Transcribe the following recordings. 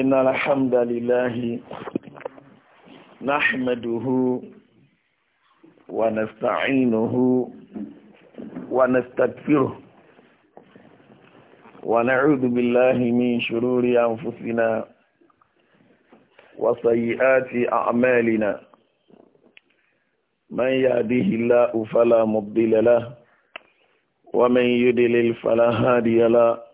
إن الحمد لله نحمده ونستعينه ونستغفره ونعوذ بالله من شرور أنفسنا وسيئات أعمالنا من يهده الله فلا مضل له ومن يدلل فلا هادي له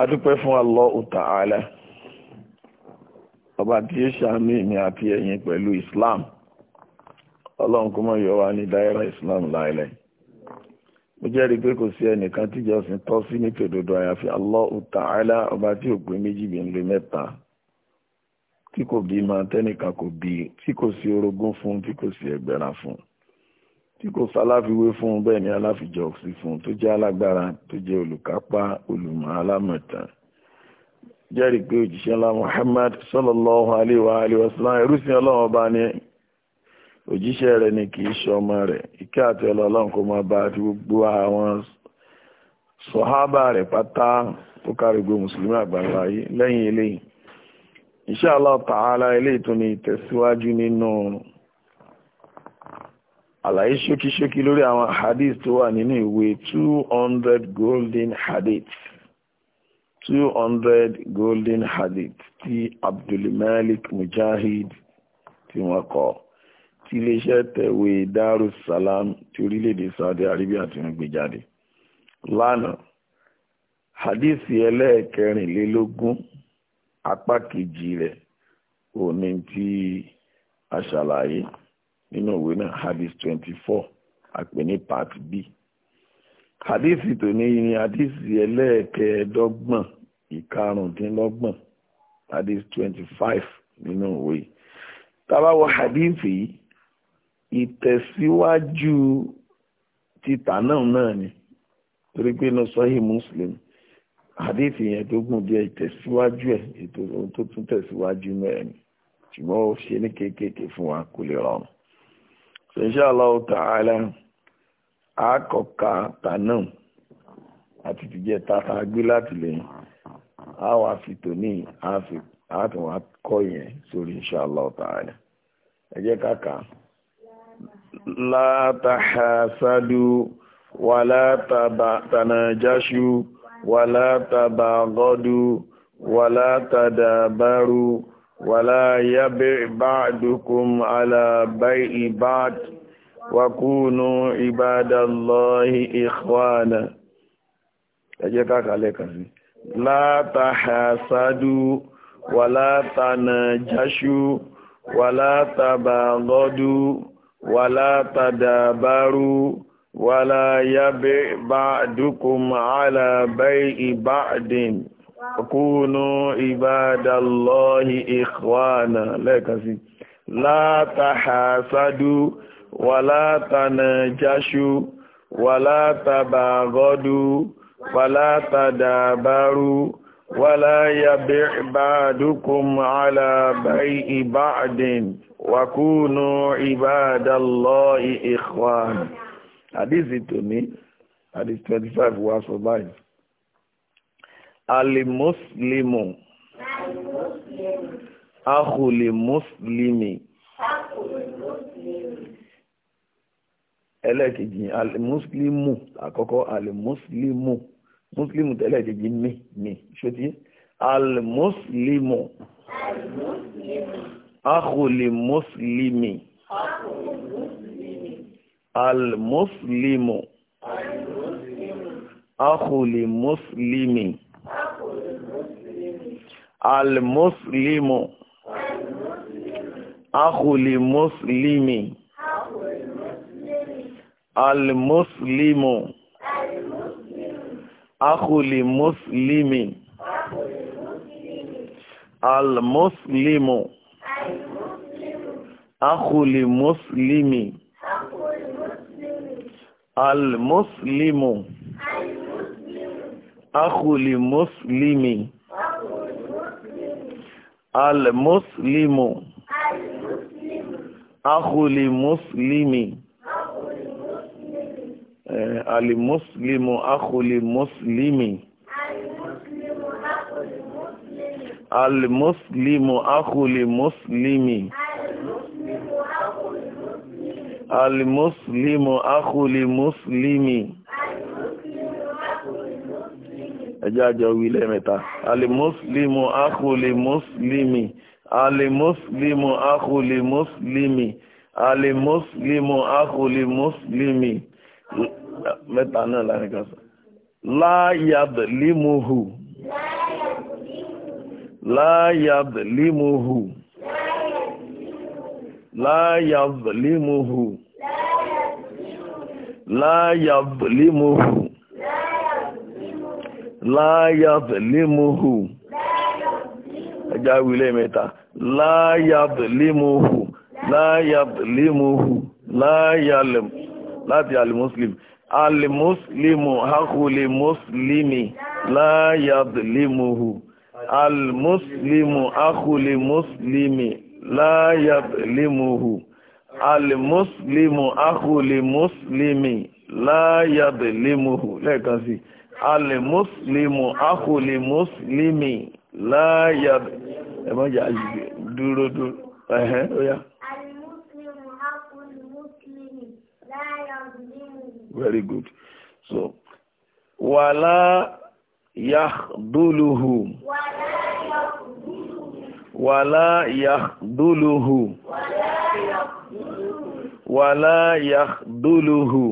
adúpẹ́ fún Allahu ala ọba tí ó ṣàánú ìmì àti ẹ̀yin pẹ̀lú Islam ọlọ́run kó mọ̀ wá ní dáírà Islam láìláì mo jẹ́rìí pé kò sí ẹnìkan tíjọsìn tọ́ sí ní tòdodo àyàfi Allahu Ta'ala ọba tí ò pé méjì bí ń bi mẹ́ta tí kò bí máa tẹ́nìkan kò bí tí kò sí orogún fún tí kò sí ẹgbẹ̀rán fún un tí kò sáláfiwé fún bẹ́ẹ̀ ni aláfijọ́ sí fún un tó jẹ́ alágbára tó jẹ́ olùkápá olùmọ̀ alámọ̀tàn jẹ́rìí pé òjíṣẹ́ ńlá Muhammad sallallahu alayhi wa alayhi wa sallam ẹrúsìn ọlọ́run ọba ni òjíṣẹ́ rẹ̀ ni kì í ṣe ọmọ rẹ̀ ìkẹ́ àti ọlọ́run kò máa bá àti gbogbo àwọn sọ̀hábà rẹ̀ pátá tó kárí mùsùlùmí àgbàlá lẹ́yìn eléyìí insha Allah ta'ala eléyìí tó ní ìtẹ̀síwájú nínú àlàyé ṣókíṣókí lórí àwọn hadith tó wà nínú ìwé 200 golden hadith 200 golden hadith tí abdulmalik mujahid tí wọ́n kọ tí iléeṣẹ́ tẹ̀wé darussalam ti orílẹ̀-èdè saudi arabia tí wọ́n gbé jáde lánàá hadith ẹlẹ́ẹ̀kẹrìnlélógún apá kejì rẹ̀ òní tí a ṣàlàyé nínú ìwé náà hadith twenty four àpè ní part b hadith tòní ni hadith ẹlẹ́ẹ̀kẹ́ẹ̀dọ́gbọ̀n ìkarùndínlọ́gbọ̀n hadith twenty five nínú ìwé tábàwọ̀ hadith yìí ìtẹ̀síwájú títà náà náà ni torí pé inú sọ́hí muslim hadith yẹn tó gùn díẹ̀ ìtẹ̀síwájú ẹ̀ ètò ohun tó tún tẹ̀síwájú náà ni ṣùgbọ́n ó ṣe ní kéékèèké fún wa kó lè rọrùn insha Allah ta'ala àkọ́kà tànà àti tìjẹ́ tata gbé lati, lẹ́yìn a wà fi tòní àtún wà kọ́ yẹn sórí insha ta'ala ẹ jẹ́ ká kà la tahasadu wàlá tanajashu wàlá tabaghadu wàlá tadabaru. ولا يبع بعدكم على بيع بعد وكونوا عباد الله إخوانا ẹjẹ́ káàkàlẹ̀ kan sí لا تحاسدوا ولا تناجشوا ولا تباغضوا ولا تدابروا ولا يبع بعدكم على بيع بعد kúnú ìbádàlọ́hì ìkwánà lẹ́ẹ̀kan sí látàhásádú wà látànà jáṣú wà látàbàgọ́dú wà látàdàbárú wà láyàbẹ̀ ìbádùkùn alábáyí ìbádìn wà kúnú ìbádàlọ́hì ìkwánà hadisi tòní hadisi 25 wá sọ báyìí alimuslimu ahùlì muslimi ẹlẹ́kejì alimuslimu àkọ́kọ́ alimuslimu muslimu tẹ́lẹ̀kejì mi mi ṣótí alimuslimu ahùlì muslimi alimuslimu ahùlì muslimi almuslimu akhuli muslimi almuslimu akhuli muslimi almuslimu akhuli muslimi almuslimu akhuli muslimi almuslimu akhuli muslimi eh, alimuslimu akhuli muslimi alimuslimu akhuli muslimi alimuslimu akhuli muslimi ẹjá jọ wí lẹ́mẹ̀ta alimuslimu akulimuslimi alimuslimu akulimuslimi alimuslimu akulimuslimi mẹ́ta náà láàrin kan sọ láyàdìlímuhù láyàdìlímuhù láyàdìlímuhù limuhu láyàbẹ̀lẹ́mùhù ẹjá wílẹ̀ mẹ́ta láyàbẹ̀lẹ́mùhù láyàbẹ̀lẹ́mùhù láyàlẹ̀m láti alìmùsùlùmí alìmùsùlùmí hakùlì mùsùlùmí láyàbẹ̀lẹ́mùhù alìmùsùlùmí hakùlì mùsùlùmí láyàbẹ̀lẹ́mùhù alìmùsùlùmí hakùlì mùsùlùmí láyàbẹ̀lẹ́mùhù lẹ́ẹ̀kan sí i alìmùsùlùmù akùlìmùsùlùmì láyà ẹ̀mọ́jà dúró dúró ẹ̀hẹ́n ó yá. Very good. So, wàlá yàdúlùhù. Wàlá yàdúlùhù. Wàlá yàdúlùhù. Wàlá yàdúlùhù.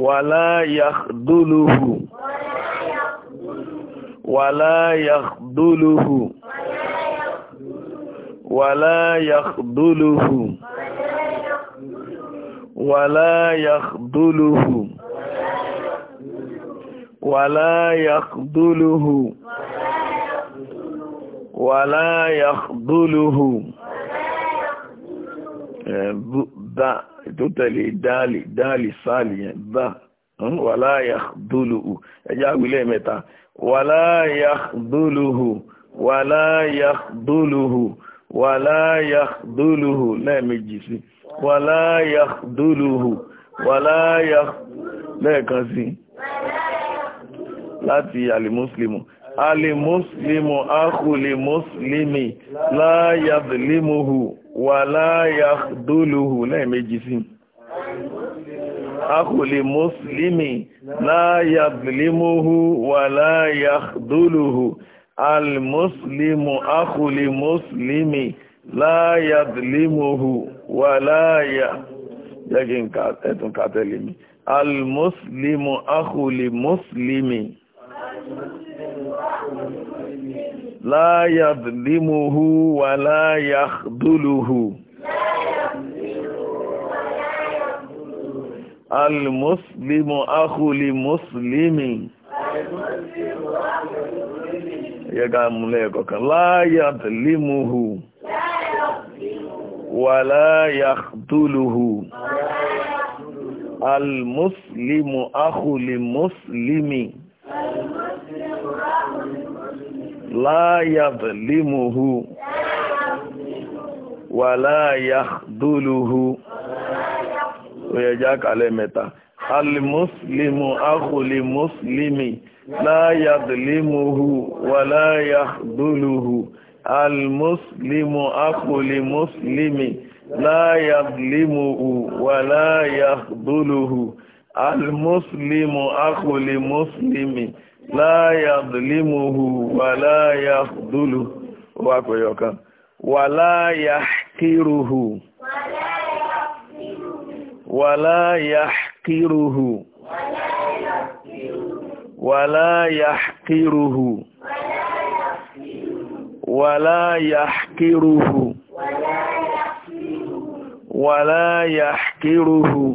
ولا يخذله ولا يخذله ولا يخذله ولا يخذله ولا يخذله ولا يخذله ولا يخذله آه، tó tẹ̀lé dáàlì dáàlì sáàlì yẹn dá wàlá yahduluhu ẹjá wílẹ̀ mẹ́ta wàlá yahduluhu wàlá yahduluhu wàlá yahduluhu lẹ́ẹ̀mejì sí wàlá yahduluhu wàlá yahduluhu lẹ́ẹ̀kan sí láti alimuslimu alimuslimu akùlimuslimi láyàbìlimuhu wàlá yàdúlùhù lẹ́ẹ̀mejì sí akùlì mùsùlùmí láyàdúlìmùhù wàlá yàdúlùhù alìmùsùlùmù akùlì mùsùlùmí láyàdúlìmùhù wàlá yàdúlùmù ẹ̀tùn kàtẹ́lẹ̀ mi alìmùsùlùmù akùlì mùsùlùmí لا يظلمه ولا يخذله المسلم أخو لمسلم يقام لك لا يظلمه ولا يخذله المسلم أخو لمسلم المسلم láyàbẹ̀límùhù wà láyàdúlùhù òyẹ̀já kalẹ̀ mẹ́ta alìmùsùlìmù áhùlìmùsùlìmì láyàbẹ̀límùhù wà láyàdúlùhù alìmùsùlìmù áhùlìmùsùlìmì láyàbẹ̀límùhù wà láyàdúlùhù alìmùsùlìmù áhùlìmùsùlìmì láyàbẹ̀límùhù láyà dùlímùhù wà láyà dùlù ó wà pẹ̀lú ọ̀kan wà láyà kírùhù wà láyà kírùhù wà láyà kírùhù wà láyà kírùhù ولا يحقره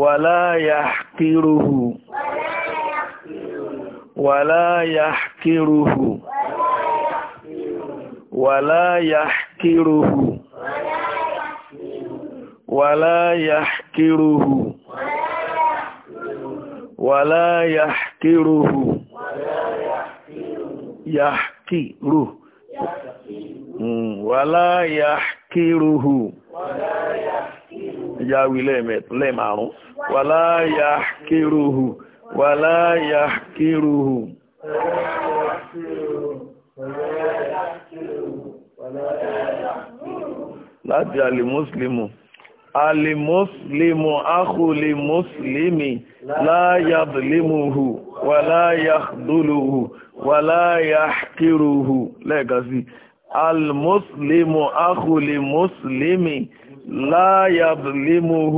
ولا يحقره ولا يحكره ولا يحكره ولا يحكره ولا يحكره يحكره ولا يحكره يا ولي لمعرو ولا يحكره wàlá yàkírùhù láti alìmúslimu alìmúslimu akùlìmúslimi láyàdìlímùhù wàlá yàdúlùhù wàlá yàkírùhù lẹ́ẹ̀kan sí alìmúslimu akùlìmúslimi لا يظلمه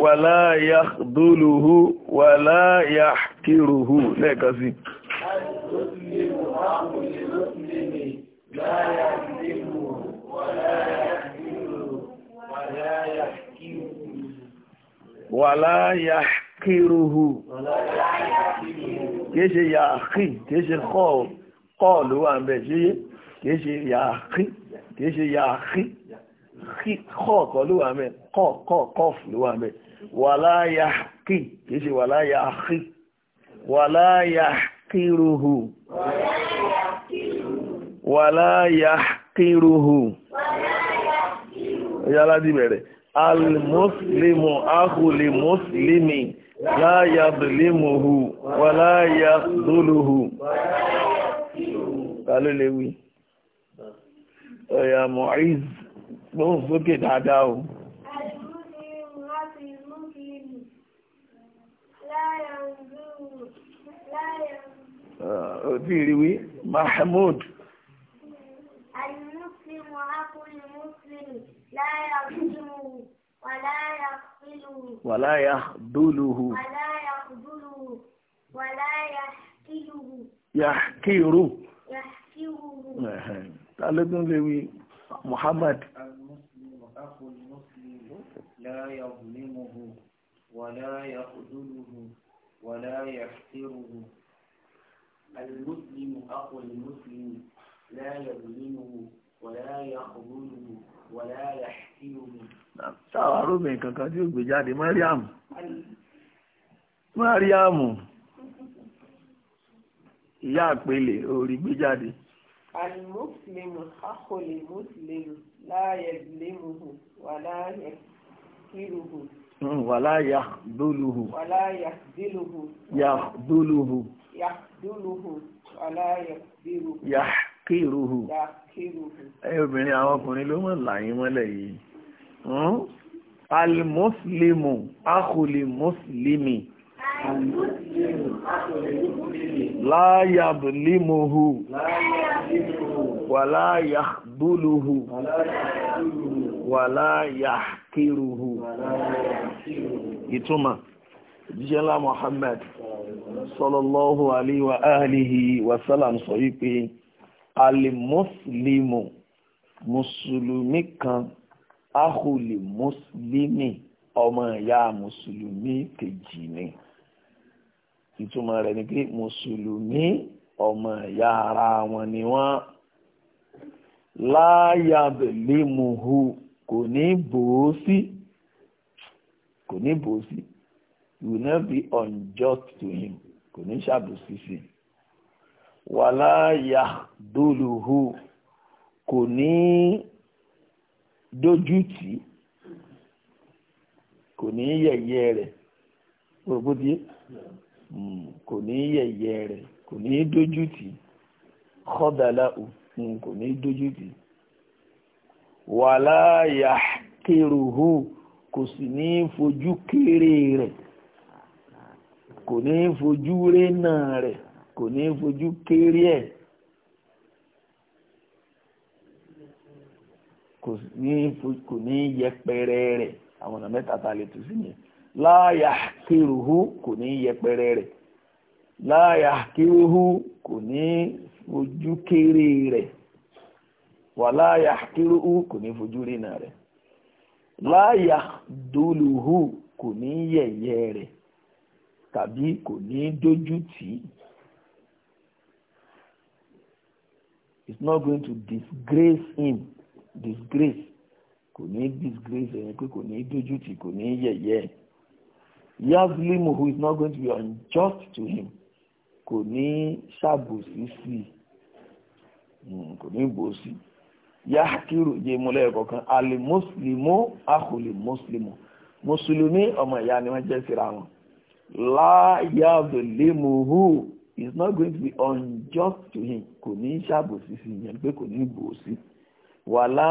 ولا يخذله ولا يحقره لكذي ولا يحقره كيش يحقي كيش خال قالوا عن بشي كيش يحقي كيش يحقي kọ́ ọ̀kọ́ ló wà mẹ́ kọ́ kọ́ kọ́f ló wà mẹ́ wàláyà kì kìí ṣe wàláyà kì wàláyà kìrùhù wàláyà kìrùhù yálà dì bẹ̀rẹ̀ almuslimu ahùlì muslimi láyà dùlímùhù wàláyà dùlùhù ta ló lè wí ọ̀yà mọ̀ ìzù gbóhùn sókè dáadáa o. Òtí ìrìwí, Mahmoud. Al-Muslimu akul Muslim, láyà fílùú, wà láyà fílùú. Wà láyà dúlùú. Wà láyà dúlùú, wà láyà kílùú. Yàkírù. Yàkírù. Ta ló tún lè wí, Muhammad. يخذله ولا يحقره المسلم أخو المسلم لا يظلمه ولا يخذله ولا يحقره sáwọn arúgbìn kankan tí ó gbé jáde mariam mariam ìyá àpèlè orí gbé jáde. alimuslimu akoli muslimu láàyè lémuhu wàláyè kíruhu wàlá yàdúlùhù yàdúlùhù yàkírùhù obìnrin àwọn ọkùnrin ló mọ̀ láyín mọ́lẹ̀ yìí hmm? almuslimu akùlì muslimi láyàbùlímuhù wàlá yàdúlùhù wàlá yàkírùhù ìtumọ̀ jíṣẹ́ ńlá Muhammad sallallahu alayhi wa alihi wa sallam sọ wípé alimuslimu mùsùlùmí kan ahùlì mùsùlùmí ọmọ ìyá mùsùlùmí kejì ni ìtumọ̀ rẹ̀ ni pé mùsùlùmí ọmọ ìyá ara wọn ni wọ́n láyàbẹ̀lẹ́muhu kò ní bò ó sí kò ní bò sí you will not be unjust to him kò ní ṣàbòsí sí i wàláyà dólùhù kò ní dójútì kò ní yẹ̀yẹ́ rẹ̀ òròbódìé hmm, kò ní yẹ̀yẹ́ rẹ̀ kò ní dójútì kọ́dàláhù hmm, kò ní dójútì. wàlá yahqiruhu kò sì ní fojú kéré rẹ̀ kò ní fojú rénà rẹ̀ kò ní fojú kéré ẹ̀ kò ní yẹpẹrẹ rẹ̀ àwọn ọ̀nà mẹ́ta tá a lè tù sí yẹn la yahqiruhu kò ní yẹpẹrẹ rẹ̀ la yahqiruhu kò ní fojú kéré rẹ̀. wà láàyà kírúhù kò ní fojú rìnà rẹ̀ láàyà dúlùhù kò ní yẹ̀yẹ́ rẹ̀ tàbí kò ní dójú tì í. not going to disgrace him disgrace kò ní disgrace ẹ̀yìn pé kò ní dójú tì kò ní yẹ̀yẹ́ ẹ̀. who is not going to be unjust to him kò ní ṣàbòsí sí i hmm, kò ní bòsí i yáàkìrù jẹ́ múlẹ̀ ẹ̀kọ̀kan alimuslimu akùlì muslimu mùsùlùmí ọmọ ìyá ni wọ́n jẹ́ síra wọn láyàbẹ̀lẹ́mùhù is not going to be unjust to him kò ní ṣàbòsí sí ìyẹn pé kò ní bòsí wàlá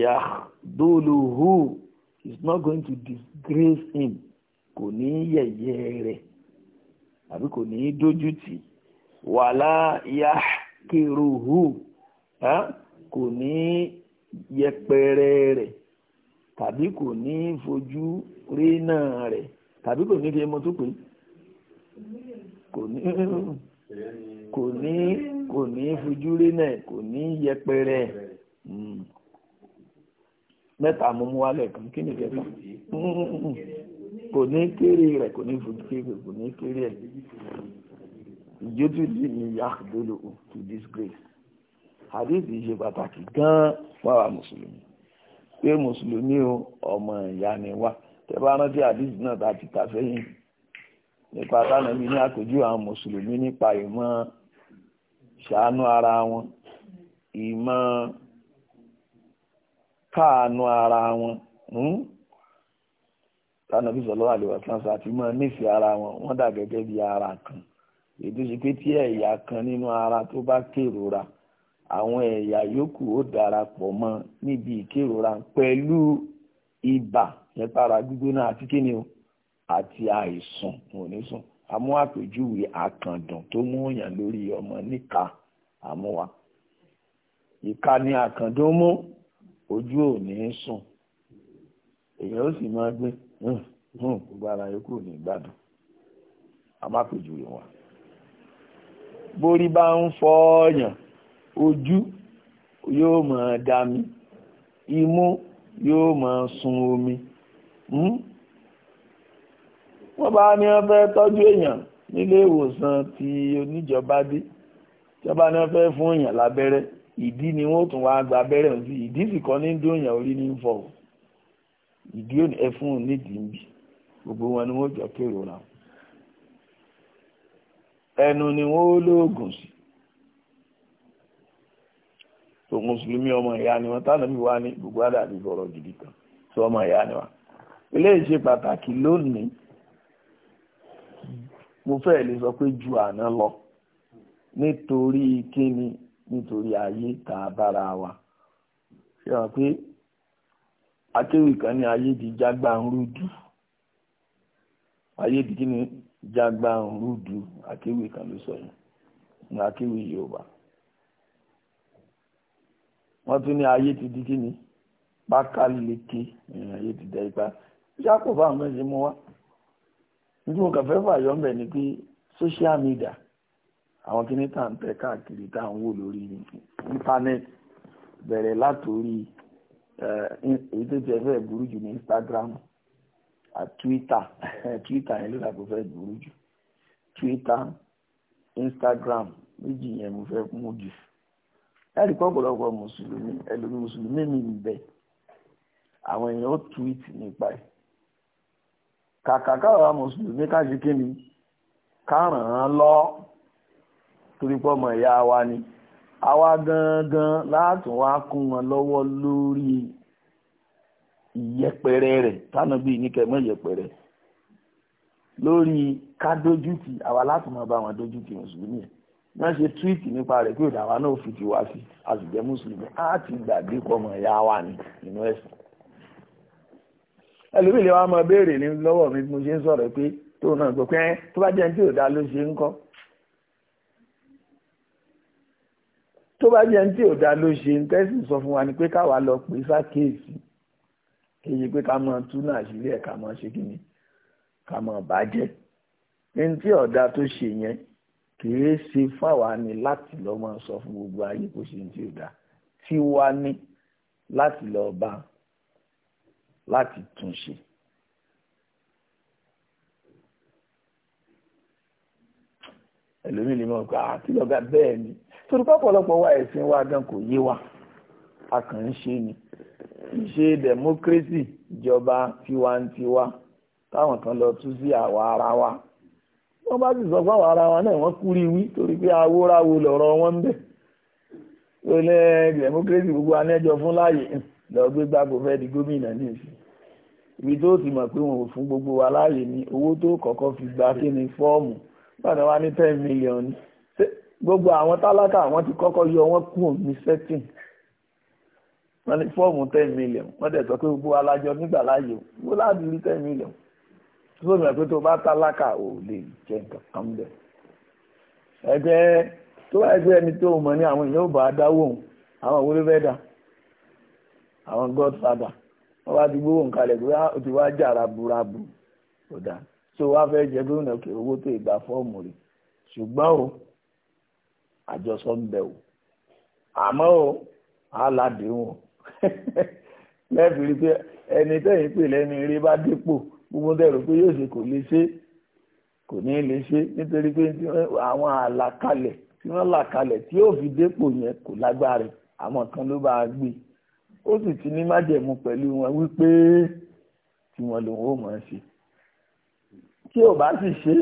yàdólùhù is not going to disgrace him kò ní yẹ̀yẹ́ rẹ̀ àbí kò ní dójútì wàlá yàkìrùhù. Huh? kò ní yẹpẹrẹ rẹ̀ tàbí kò ní fojú rí náà rẹ̀ tàbí kò ní fi ẹmọ tó pé kò ní kò ní kò ní fojú rí náà kò ní yẹpẹrẹ hmm. mẹ́ta mo mú kan kí ni kẹta kò ní kéré rẹ̀ kò ní fojú kéré kò ní kéré ẹ̀ ìjótùú ni yàgò to disgrace hadithi ṣe pàtàkì gan fáwa mùsùlùmí pé mùsùlùmí o ọmọ ìyá ni wá tẹ bá rántí hadithi náà tá a ti kà sẹ́yìn nípa tánàbí ní àpèjú àwọn mùsùlùmí nípa ìmọ̀ ṣàánú ara wọn ìmọ̀ káàánú ara wọn hmm? tánàbí sọlọ àlèwàsánsá àti mọ nífẹ̀ẹ́ ara wọn wọ́n dà gẹ́gẹ́ bí ara kan ètò ìṣe pé tí ẹ̀yà kan nínú ara tó bá kérora àwọn ẹ̀yà yòókù ó darapọ̀ mọ́ níbi ìkérora pẹ̀lú ibà nípara gbígbóná àti kíni o àti àìsàn wọn ò ní sùn àmú àpèjúwe àkàndùn tó mú èèyàn lórí ọmọ níka àmúwa ìka ni àkàndùn mú ojú ò ní sùn èèyàn ó sì máa gbé gbogbo ara yòókù ní ìgbádùn àmú àpèjúwe wọn borí bá ń fọ́ ọ̀yàn ojú yóò máa dà mí imú yóò máa sun omi hmm? wọ́n bá ní wọ́n fẹ́ tọ́jú èèyàn nílé ìwòsàn ti oníjọba dé ìjọba ní wọ́n fẹ́ fún èèyàn lábẹ́rẹ́ ìdí ni wọ́n tún wáá gba abẹ́rẹ́ òun sí ìdí sì kọ́ ní dóòyàn orí ní fọ́ ìdí ẹfun nídìí ń gbogbo wọn ni wọ́n jọ kérò ra ẹnu ni wọ́n lóògùn sí so mùsùlùmí ọmọ ìyá ni wọn tánà bí wá ní gbogbo àdàbí fọ̀rọ̀ gidi kan so ọmọ ìyá ni wa eléyìí ṣe pàtàkì lónìí mo fẹ́ lè sọ pé ju àná lọ nítorí kíni nítorí ayé tá a bára wa ṣe hàn pé akéwì kan ní ayé di jágbá ń rúdù ayé di kíni jágbá ń rúdù akéwì kan ló sọ yìí ní akéwì Yorùbá wọ́n tún ní ayé ti di kí ni pákáleke ayé ti dẹ́ ipa ṣáàpọ̀ báwọn náà ṣe mú wá nítorí mo kàn fẹ́ fàyọ́ mbẹ̀ ni pé social media àwọn kìíní tá à ń tẹ káàkiri tá à ń wò lórí íńtánẹ́ẹ̀tì bẹ̀rẹ̀ látòrí èyí tó tiẹ̀ fẹ́ burú jù ní Instagram àti Twitter Twitter yẹn ló dàgbò fẹ́ burú jù Twitter Instagram méjì yẹn mo fẹ́ mú jù ẹ̀rí pọ̀ ọ̀pọ̀lọpọ̀ mùsùlùmí ẹlòmí mùsùlùmí mi ń bẹ àwọn èèyàn ó túwìtì nípa ẹ̀ kàkà káwa mùsùlùmí káṣí kí ni ká ràn án lọ torí pọ̀ ọmọ ìyá wa ni àwa gangan látún wá kún wọn lọ́wọ́ lórí ìyẹpẹrẹ rẹ̀ tánà bíi níkẹmọ́ ìyẹpẹrẹ lórí ká dójútì àwa láti máa bá wọn dójútì mùsùlùmí yẹn náà ṣe túwìtì nípa rẹ̀ pé òdàwà náà fi ti wá sí àṣìjẹ́ mùsùlùmí á ti gbàgbé kọmọ ìyá wa ní inú ẹ̀sìn. ẹlòmíì lè wá mọ béèrè ní lọ́wọ́ mi bí mo ṣe ń sọ̀rọ̀ pé tóun náà gbọ́ pé tó bá jẹun tí ò dá ló ṣe ń kọ́ tó bá jẹun tí ò dá ló ṣe ń tẹ́sí sọ fún wa ni pé káwa lọ pè sákèésì kéye pé ká máa tú náà sílẹ̀ ká máa ṣe kíni ká máa bàjẹ́ ní tí ọ̀dà tó ṣe yẹn kìí ṣe fáwa ni láti lọ máa sọ fún gbogbo ayé kó ṣe tí ò dá tí wá ní láti lọ bá láti tún ṣe. ẹlòmíì lè mọ̀ pé àti lọ́gà bẹ́ẹ̀ ni torí pọ́pọ̀lọpọ̀ wa ẹ̀sìn wa gan kò yé wa a kàn ń ṣe ni ìṣe democracy ìjọba tiwantiwa táwọn kan lọ tú sí àwa ara wa wọ́n bá sì sọ fáwọn ara wọn náà wọ́n kúrí wí torí pé awóráwo lọ̀rọ̀ wọn ń bẹ̀ lọ́lẹ́ democracy gbogbo anẹ́jọ fún láàyè lọ gbé gbàgbọ́ fẹ́ di gómìnà ní ìsìn ibi tó ti mọ̀ pé wọn ò fún gbogbo wa láàyè ni owó tó kọ́kọ́ fi gba kí ni fọ́ọ̀mù gbàdá wa ní ten million ni gbogbo àwọn tálákà àwọn ti kọ́kọ́ yọ wọ́n kú ní setting wọ́n ní fọ́ọ̀mù ten million wọ́n dẹ̀ sọ pé gbogbo alájọ nígbà láàyè wọ́n láti tó lọ pé tó bá tálákà ò lè jẹ nǹkan kan bẹ̀. ẹgbẹ́ tó bá ẹgbẹ́ ẹni tó mọ̀ ní àwọn èèyàn ò bá dáwọ́ òun àwọn òwúrò àwọn godfather wọ́n bá ti gbówó nǹkan lẹ̀ pé ah, ó ti wá jà raburabu kò dáa tó wá fẹ́ jẹ gómìnà kí owó tó ìgbà fọ́ọ̀mù rẹ̀ ṣùgbọ́n o àjọsọ ń bẹ o àmọ́ o aládéhùn lẹ́ẹ̀fì rí pé ẹni tẹ́yìn pè lẹ́ni rí bá dépò gbogbo dẹ̀rù pé yóò ṣe kò lè ṣe kò ní lè ṣe nítorí pé àwọn àlàkalẹ̀ tí wọ́n là kalẹ̀ tí yóò fi dépò yẹn kò lágbára àwọn kan ló bá gbé ó sì ti ní májẹ̀mú pẹ̀lú wọn wípé tí wọ́n lòun ó mọ̀ ọ́n ṣe tí ò bá sì ṣe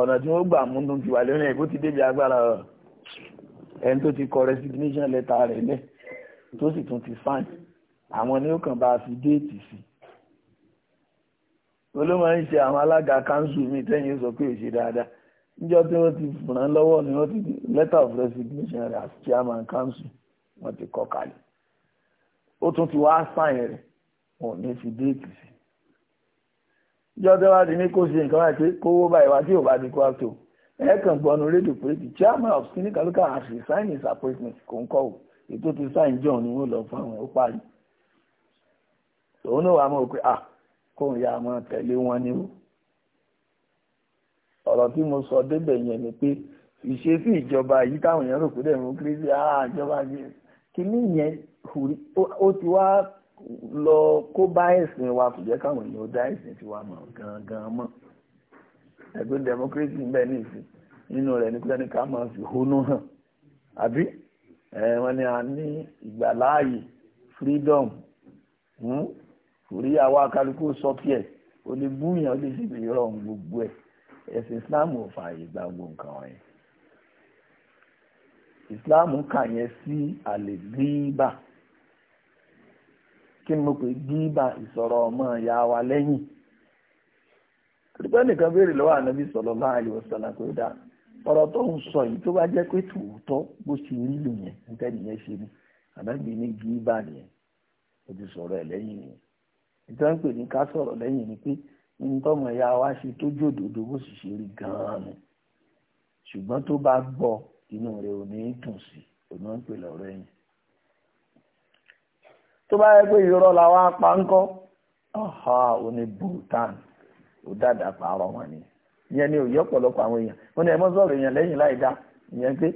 ọ̀nà tí wọ́n gbà mú tún ti wà lórí ẹ̀ bó ti débi agbára ẹni tó ti kọ resignation letter rẹ̀ lẹ̀ tó sì tún ti sign àwọn ni ó kàn bá fi déètì sí ló máa ń ṣe àwọn alága kanṣu mi tẹ́yìn sọ pé dáadáa níjọ́ tí ti ràn lọ́wọ́ ni wọ́n ti letter of resignation rẹ̀ as chairman council wọ́n ti kọ kalẹ̀ ó tún ti wá sáyìn rẹ̀ ní fi déètì sí níjọ́ tí wọ́n ti ní kó ṣe nǹkan láti kówó báyìí wá tí ò bá chairman of clinical local his appointment kò ń kọ́ ti john ni wọ́n lọ fún àwọn ó ah kóun ya máa tẹ̀lé wọn ni ó ọ̀rọ̀ tí mo sọ débẹ̀ yẹn ni pé ìṣesí ìjọba yìí táwọn èèyàn rò pé dẹ̀rùn kírísì àá ìjọba yìí kìíní yẹn ó ti wá lọ kó bá ẹ̀sìn wa kò jẹ́ káwọn èèyàn dá ẹ̀sìn tiwa mọ̀ gangan mọ́ ẹgbẹ́ democracy ń bẹ ní ìsìn nínú rẹ̀ ní pẹ́ẹ́ni ká máa fi hónú hàn àbí wọ́n ní a ní ìgbàláàyè freedom hmm? kòrí àwa kálukú sọ́kì ẹ̀ ó lè búyàn ó lè ṣe ìbèrè ọ̀hún gbogbo ẹ̀ ẹ̀sìn islam ò fààyè gba gbogbo nǹkan wọ̀nyẹn islam kà yẹn sí àlè gíbà kí ni mo pè gíbà ìsọ̀rọ̀ ọmọ ìyá wa lẹ́yìn pípẹ́ nìkan béèrè lọ́wọ́ ànábì sallallahu alaihi wasallam kò ọ̀rọ̀ tó ń sọ yìí tó bá jẹ́ pé tòótọ́ bó ṣe rí lò yẹn nítẹ́nìyẹn ṣe ni ànábì ní gíbà nìyẹn ó ti sọ̀rọ̀ ẹ̀ lẹ́yìn nìyẹn ìtàn pè ní ká sọ̀rọ̀ lẹ́yìn ni pé ní tọ́mọ ìyá wa ṣe tó jòdòdó bó sì ṣe rí gan-an ni ṣùgbọ́n tó bá gbọ́ inú rẹ̀ ò ní dùn sí òun ń pè lọ́rọ̀ ẹ̀yìn tó bá yẹ pé irọ́ la wá pa ń kọ́ ọ̀hà òní bhutan ó dáadáa pààrọ̀ wọn ni ìyẹn ni òye ọ̀pọ̀lọpọ̀ àwọn èèyàn wọn ni ẹ̀mọ́ sọ̀rọ̀ èèyàn lẹ́yìn láì dá ìyẹn pé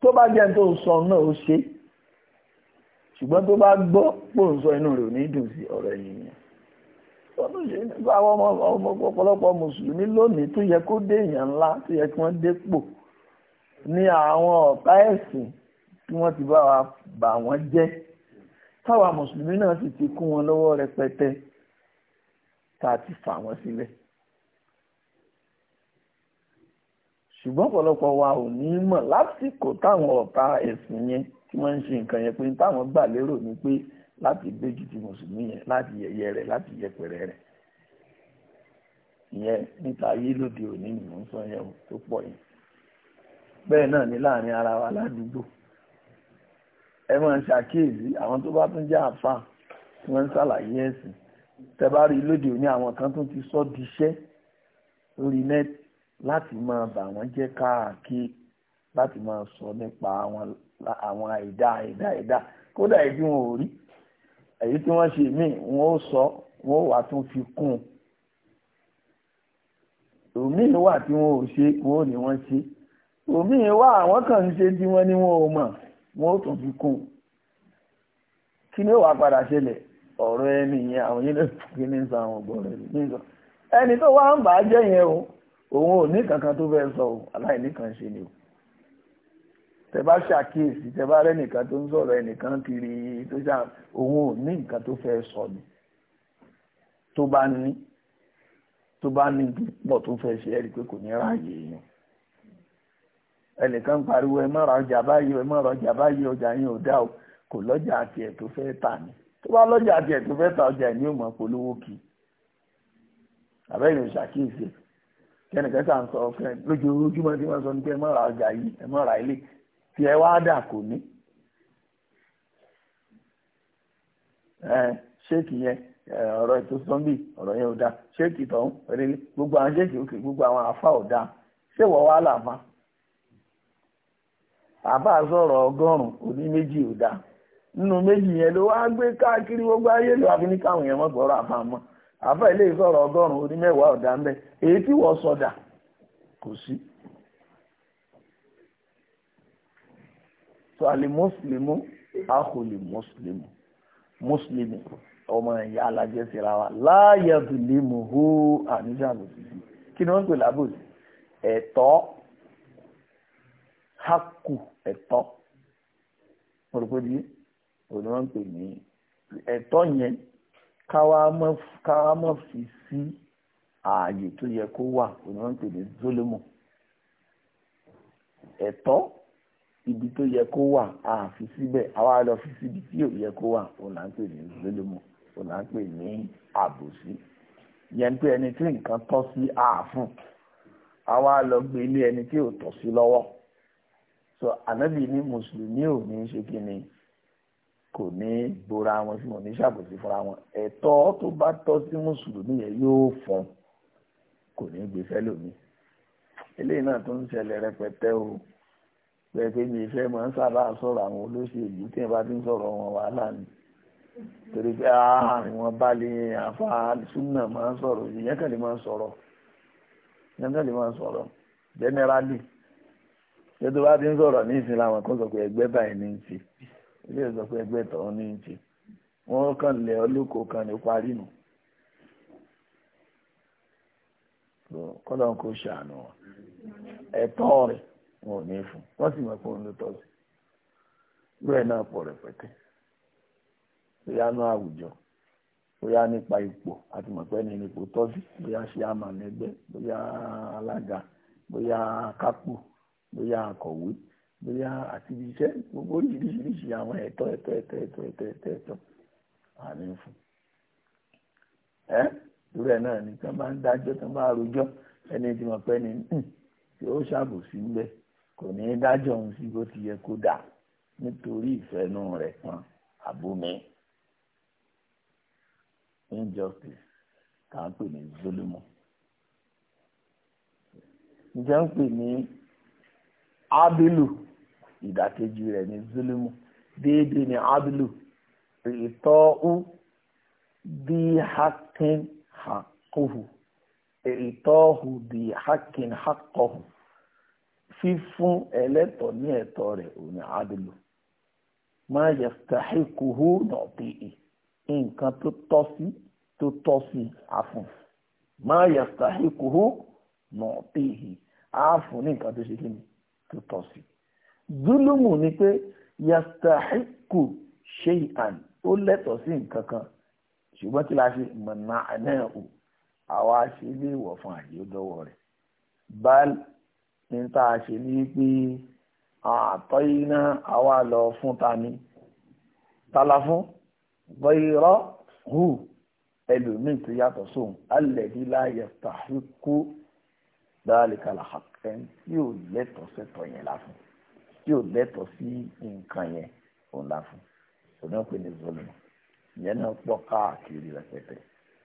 tó bá jẹ́ tó sọ náà ó ṣe é ṣùgbọ́n tó bá gbọ́ pò ń sọ inú rẹ̀ ò ní dùn sí ọ̀rọ̀ ẹ̀yìn yẹn tọ́lú ṣe nípa àwọn ọmọ ọ̀pọ̀lọpọ̀ mùsùlùmí lónìí tó yẹ kó dé èèyàn ńlá tó yẹ kí wọ́n dépò ní àwọn ọ̀tá ẹ̀sìn tí wọ́n ti bá wa bà wọ́n jẹ́ táwa mùsùlùmí náà sì ti kún wọn lọ́wọ́ rẹpẹtẹ tá a ti fà wọ́n sílẹ̀. ṣùgbọ́n ọ̀pọ̀lọpọ̀ wa ò ní mọ̀ lásìkò táwọn ọ̀tá ẹ̀sìn yẹn tí wọ́n ń ṣe nǹkan yẹn pé táwọn gbà lérò ni pé láti gbéjú ti mùsùlùmí yẹn láti yẹ̀yẹ́ rẹ̀ láti yẹpẹrẹ rẹ̀ ìyẹn níta ayé lóde òní ni mò ń sọ yẹn tó pọ̀ yẹn bẹ́ẹ̀ náà ni láàrin ara wa ládùúgbò ẹ máa ń ṣàkíyèsí àwọn tó bá tún jẹ́ àfa tí wọ́n ń ṣàlàyé ẹ̀sìn tẹ bá rí lóde òní àwọn kan tún ti sọ́ diṣẹ́ lórí nẹ́ẹ̀tì láti máa bà wọ́n jẹ́ káàkiri láti máa sọ nípa àwọn àìdá àìdá àìdá kódà èyí tí wọn ò rí èyí tí wọ́n ṣe míì wọn ó sọ wọn ó wà tún fi kún un òmíì wà tí wọn ò ṣe wọn ò ní wọ́n ṣe òmíì wà àwọn kan ń ṣe tí wọ́n ní wọn ò mọ̀ wọn ó tún fi kún un kí ni ó wàá padà ṣẹlẹ̀ ọ̀rọ̀ ẹni yẹn àwọn yẹn lè fi ní sàn àwọn ọgbọ̀n rẹ̀ ní sàn ẹni tó wá ń bà á jẹ́ yẹn o òun ò ní kankan tó fẹ́ sọ aláìní kan ṣe ni o tẹ bá ṣàkíyèsí tẹ bá rẹ́nìkan tó ń sọ̀rọ̀ ẹnìkan kiri tó ṣá òun ò ní nǹkan tó fẹ́ sọ ni tó bá ní tó bá ní pọ̀ tó fẹ́ ṣe ẹ̀rí pé kò ní ráàyè yẹn ẹnìkan pariwo ẹ má ra ọjà báyìí ẹ má ra ọjà báyìí ọjà yẹn ò dá o kò lọ́jà tiẹ̀ tó fẹ́ tà ni tó bá lọ́jà tiẹ̀ tó fẹ́ tà ọjà yẹn ò mọ̀ polówó kì í àbẹ́yẹn ò ṣàkíyèsí kẹ́nìkan sàn sọ ọ̀kẹ́ lójoojúmọ́ tí wọ́n sọ ní pé ẹ má ra ọjà yìí ẹ ra ilé tí ẹ wá dà kò ní. ṣéèkì yẹn ọ̀rọ̀ ètò sọ́ńbì ọ̀rọ̀ yẹn ò ṣéèkì tọ̀hún gbogbo àwọn ṣéèkì òkè gbogbo àwọn àfa ò ṣé wọ́n wá àbá sọ̀rọ̀ ọgọ́rùn-ún òní méjì ò nínú méjì gbé káàkiri gbogbo àfi ní káwọn yẹn àfà ilé ìsọ̀rọ̀ ọgọ́rùn-ún onímẹ́wàá ọ̀dà ń bẹ èyí tí wọ́n sọdà kò sí. so àlè mùsùlùmù àkòlè mùsùlùmù mùsùlùmù ọmọ ìyá alájẹsíra wa láàyè bìlímù hó àníjà àbòsí kí ni wọ́n ń pè lábòsí ẹ̀tọ́ hákù ẹ̀tọ́ mo rò pé di òní wọ́n ń pè ní ẹ̀tọ́ yẹn káwá mọ̀ fi sí ààyè tó yẹ kó wà òní wọ́n ń pè ní zolomo ẹ̀tọ́ ibi tó yẹ kó wà àfi síbẹ̀ àwa lọ fi síbi tí ò yẹ kó wà òun là ń pè ní zolomo òun là ń pè ní àbòsí yẹn pé ẹni tí nǹkan tọ́ sí ààfún àwa lọ gbé ilé ẹni tí ò tọ́ sí lọ́wọ́ so ànábì ní mùsùlùmí ò ní ṣe kí ni kò ní bora wọn sí wọn ní ṣàbòsí fúnra wọn ẹ̀tọ́ tó bá tọ́ sí mùsùlùmí yẹn yóò fún kò ní gbèsè lómi eléyìí náà tó ń ṣẹlẹ̀ rẹpẹtẹ o pẹ̀pẹ́ mi ìfẹ́ mọ̀ ń sábà sọ̀rọ̀ àwọn olóṣèlú tí wọ́n bá ti ń sọ̀rọ̀ wọn wàhálà ni torí pé àárín wọn bá lè àfa súnà máa ń sọ̀rọ̀ ìyẹn kàn lè máa ń sọ̀rọ̀ ìyẹn kàn lè máa ń sọ̀rọ̀ generally ṣé tó bá ti ń sọ̀rọ̀ ní ìsìn làwọn kan sọ pé ẹgbẹ́ báyìí ní í ilé ìsọ pé ẹgbẹ́ tọ̀hún ní ti wọ́n kàn lẹ̀ kan ní parí nù ṣàánú wọn ẹ̀tọ́ rẹ̀ wọn ò ní fún wọ́n sì mọ̀ pé òun ló tọ́ sí bẹ́ẹ̀ náà pọ̀ rẹpẹtẹ bóyá ní àwùjọ bóyá nípa ipò àti mọ̀ pé ní ipò tọ́ sí bóyá ṣe àmàlẹ́gbẹ́ bóyá alága bóyá kápò bóyá akọ̀wé bóyá àti ibi iṣẹ́ gbogbo oríṣiríṣiríṣi àwọn ẹ̀tọ́ ẹ̀tọ́ ẹ̀tọ́ ẹ̀tọ́ ẹ̀tọ́ ẹ̀tọ́ ẹ̀tọ́ àmì fún ẹ́ ìrú ẹ̀ náà ni tán bá ń dájọ́ tán bá rojọ́ ẹni tí wọ́n pẹ́ ni tí hmm, ó ṣàbòsí ń bẹ kò ní í dájọ́ òun sí bó ti yẹ kó dà nítorí ìfẹ́nu rẹ̀ kan àbómi injustice tá à ń pè ní zolomo ǹjẹ́ ń pè ní abilu ìdàkejì rẹ̀ ní zulumu déédéé ní adlu ìtọ́ú bí hakin hakohu ìtọ́hu bí hakin hakohu fífún ẹlẹ́tọ̀ ní ẹ̀tọ́ rẹ̀ ò ní adlu máa yẹ tàhíkùhù nọ̀tìí nǹkan tó tọ́ sí tó tọ́ sí àfún máa yẹ tàhíkùhù nọ̀tìí àfún ní nǹkan tó ṣe kí ni tó tọ́ sí zulumu ni pé yastahiku shay'an ó lẹ́tọ̀ọ́ sí nǹkan kan ṣùgbọ́n kí la mọ̀nà náà àwa ṣe ilé ìwọ̀ àyè lọ́wọ́ rẹ̀ bal ní tá a ṣe ní pé àtọ́ iná àwa lọ fún ta ni tala fún bọ́irọ́ hù ẹlòmíì tó yàtọ̀ sóhun alẹ́bí láyé tàhíkú dáálì kàlàkà ẹni tí ò lẹ́tọ̀ọ́ sẹ́tọ̀ yẹn la tí ò lẹ́tọ̀ọ́ sí nǹkan yẹn òun la fún òun náà pè ní zolomọ ìyẹn náà pọ̀ káàkiri rẹpẹtẹ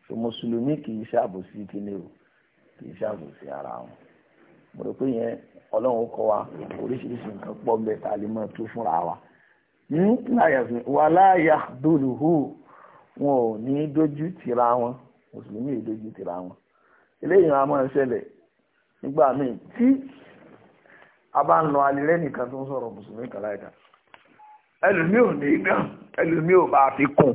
so mùsùlùmí kì í ṣàbòsí kíní o kì í ṣàbòsí ara wọn mo rò pé yẹn ọlọ́run kọ́ wa oríṣiríṣi nǹkan pọ̀ bẹ́ẹ̀ tá a lè máa tú fúnra wa nígbà yẹn wà láàyà dòlùhù wọn ò ní dójú tìra wọn mùsùlùmí ì dójú tìra wọn eléyìí wọn a máa ṣẹlẹ̀ nígbà míì tí a bá ń lọ alẹ́rẹ́ nìkan tó ń sọ̀rọ̀ mùsùlùmí kan láìka ẹlòmí ò ní dàn ẹlòmí ò bá fi kún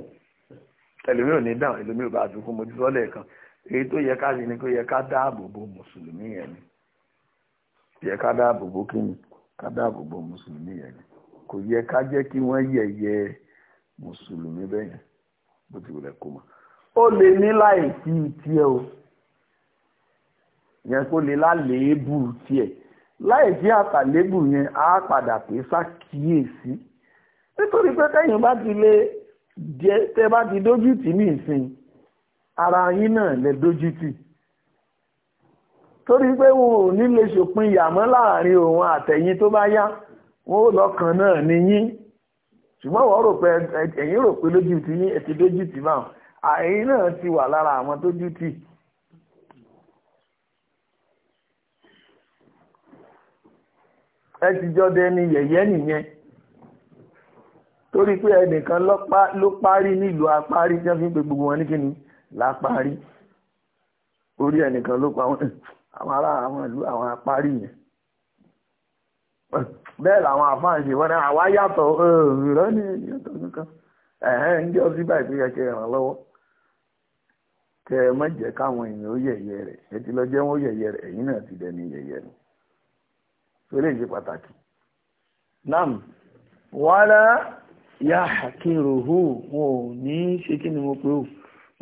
ẹlòmí ò ní dàn ẹlòmí ò bá fi kún mo ti sọ lẹ́ẹ̀kan èyí tó yẹ ká ṣe ni kó yẹ ká dáàbò bo mùsùlùmí yẹn ni yẹ ká dáàbò bo kí ni ká dáàbò bo mùsùlùmí yẹn ni kò yẹ ká jẹ́ kí wọ́n yẹ̀yẹ́ mùsùlùmí bẹ́ẹ̀ yẹn bó ti wulẹ̀ kó mọ́ ó lè ní láì sí tiẹ̀ o yẹn kó lè lálẹ́ẹ́bù tiẹ̀ láì jẹ́ àtàlébù yẹn á padà pé ṣàkíyèsí nítorí pé tẹ́yìn bá ti lè jẹ́ tẹ́ bá ti dójú tì ní ìsìn ara yín náà lè dójú tì torí pé wọn ò ní lè ṣòpin ìyàmọ́ láàrin òun àtẹ̀yìn tó bá yá wọn ò lọ́kàn náà ní yín ṣùgbọ́n wọ́n rò pé ẹ̀yìn rò pé lójú tì yín ẹ̀ ti dójú tì báwọn àyín náà ti wà lára àwọn tó tì ẹ ti jọ dẹni yẹ̀yẹ́ nìyẹn torí pé ẹnìkan ló parí nílùú apárí tí wọ́n fi ń pe gbogbo wọn ní kíni lápárí orí ẹnìkan ló pa àwọn ará àwọn ìlú àwọn apárí yẹn bẹ́ẹ̀ làwọn àfáàn wọn àwa yàtọ̀ ìrọ́ ẹ̀hẹ́n ń jọ sí báyìí pé ràn lọ́wọ́ jẹ́ káwọn èèyàn ó yẹ̀yẹ́ rẹ̀ ti lọ jẹ́ wọn fẹ́lẹ̀ ìṣe pàtàkì nam wàhálà yà kírò hù wọn ò ní ṣe kí ni mo pé ò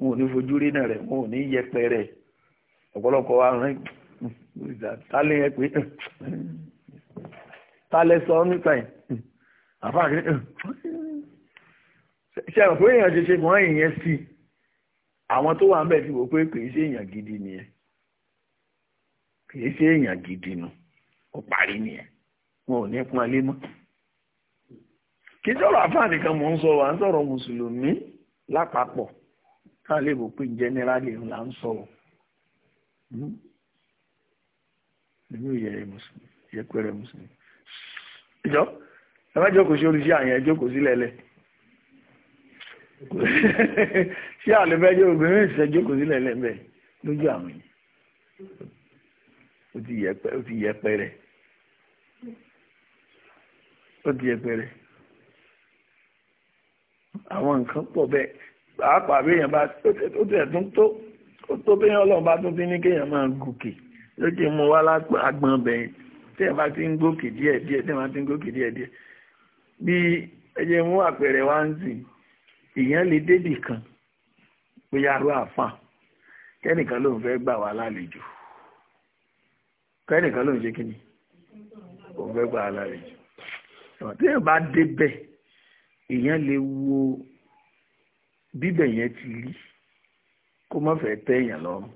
wọn ò ní fojú rí náà rẹ wọn ò ní yẹpẹrẹ ọ̀pọ̀lọpọ̀ wa rìn hmm, tálẹ̀ yẹn pé hmm, tálẹ̀ sọ nípa ẹ̀ hmm, àfáà kí ṣe àwọn pé èèyàn ṣe ṣe mọ́ èèyàn sí àwọn tó wà ń bẹ̀ ti wò pé kì ṣe èèyàn gidi nìyẹn kì í ṣe èèyàn gidi nù. No ó parí nìyẹn wọn ò ní pọn ilé mọ́ kì í sọ̀rọ̀ àfáàní kan mò ń sọ wà ń sọ̀rọ̀ mùsùlùmí lápapọ̀ káà lè bò pé jẹ́nẹ́rálì ńlá ń sọ̀rọ̀ nínú ìyẹrẹ mùsùlùmí ìyẹpẹrẹ mùsùlùmí ìjọ ẹ má jókòó sí oríṣi àyàn jókòó sílẹ̀ lẹ̀ ṣé àlefẹ́jọ́ obìnrin ìṣẹ́ jókòó sílẹ̀ lẹ̀ bẹ́ẹ̀ lójú àwọn yìí ó ti yẹpẹrẹ ó di ẹgbẹ̀rẹ̀ àwọn nǹkan pọ̀ bẹ́ẹ̀ pàápàá béèyàn bá ó tẹ̀ tún tó ó tó béèyàn ọlọ́run bá tún ti ní kéèyàn máa gòkè lókè mú wá lágbọ̀n bẹ̀yìn téèyàn bá ti ń gòkè díẹ̀ díẹ̀ téèyàn bá ti ń gòkè díẹ̀ díẹ̀ bí ẹyẹ mú àpẹẹrẹ wá ń sìn èèyàn lè débì kan bóyá arú àfàn kẹ́nìkan ló ń fẹ́ gbà wá lálejò kẹ́nìkan ló ń ṣe kíni òun fẹ́ gbà wá lálejò tí èèyàn bá débẹ̀ èèyàn lè wo bíbẹ̀ yẹn ti rí kó má fẹ́ tẹ́ èèyàn lọ́rùn